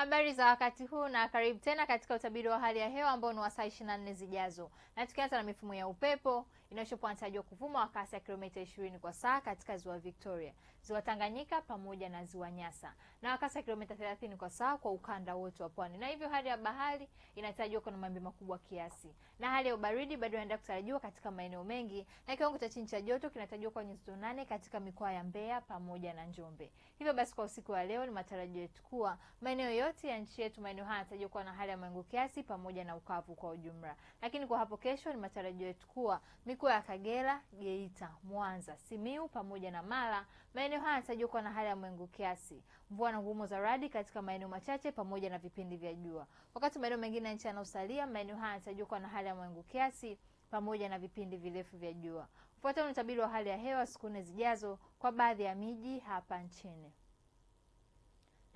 Habari za wakati huu na karibu tena katika utabiri wa hali ya hewa ambao ni wa saa 24 zijazo. Na tukianza na mifumo ya upepo inatarajiwa kuvuma kwa kasi ya kilomita 20 kwa saa katika ziwa Victoria, ziwa Tanganyika pamoja na ziwa Nyasa na kwa ya kilomita 30 kwa saa kwa ukanda wote wa pwani. Na hivyo hali ya bahari inatarajiwa kuwa na mawimbi makubwa kiasi. Na hali ya ubaridi bado inaendelea kutarajiwa katika maeneo mengi na kiwango cha chini cha joto kinatarajiwa kuwa nyuzi nane katika mikoa ya Mbeya pamoja na Njombe. Hivyo basi kwa usiku wa leo ni matarajio yetu kuwa maeneo yote ya nchi yetu maeneo haya yanatarajiwa kuwa na hali ya mawingu kiasi pamoja na ukavu kwa ujumla. Lakini kwa hapo kesho, ni matarajio yetu kuwa mikoa ya Kagera, Geita, Mwanza, Simiu pamoja na Mara, maeneo haya yanatarajiwa kuwa na hali ya mawingu kiasi, mvua na ngurumo za radi katika maeneo machache pamoja na vipindi vya jua. Wakati maeneo mengine ya nchi yanayosalia, maeneo haya yanatarajiwa kuwa na hali ya mawingu kiasi pamoja na vipindi virefu vya jua. Ufuatao ni utabiri wa hali ya hewa siku nne zijazo kwa baadhi ya miji hapa nchini.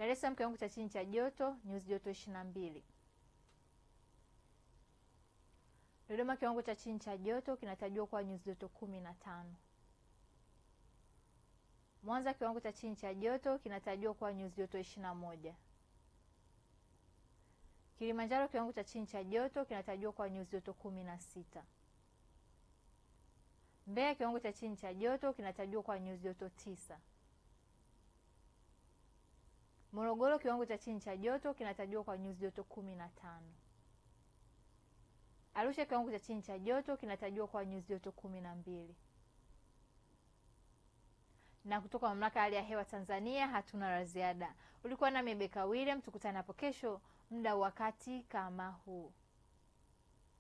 Dar es Salaam kiwango cha chini cha joto nyuzi joto ishirini na mbili. Dodoma kiwango cha chini cha joto kinatajwa kuwa nyuzi joto kumi na tano. Mwanza kiwango cha chini cha joto kinatajwa kuwa nyuzi joto ishirini na moja. Kilimanjaro kiwango cha chini cha joto kinatarajiwa kuwa nyuzi joto kumi na sita. Mbeya kiwango cha chini cha joto kinatarajiwa kuwa nyuzi joto tisa. Morogoro kiwango cha chini cha joto kinatajwa kwa nyuzi joto kumi na tano. Arusha kiwango cha chini cha joto kinatajwa kwa nyuzi joto kumi na mbili. Na kutoka mamlaka ya hali ya hewa Tanzania hatuna la ziada. Ulikuwa nami Beka William, tukutane hapo kesho muda wakati kama huu.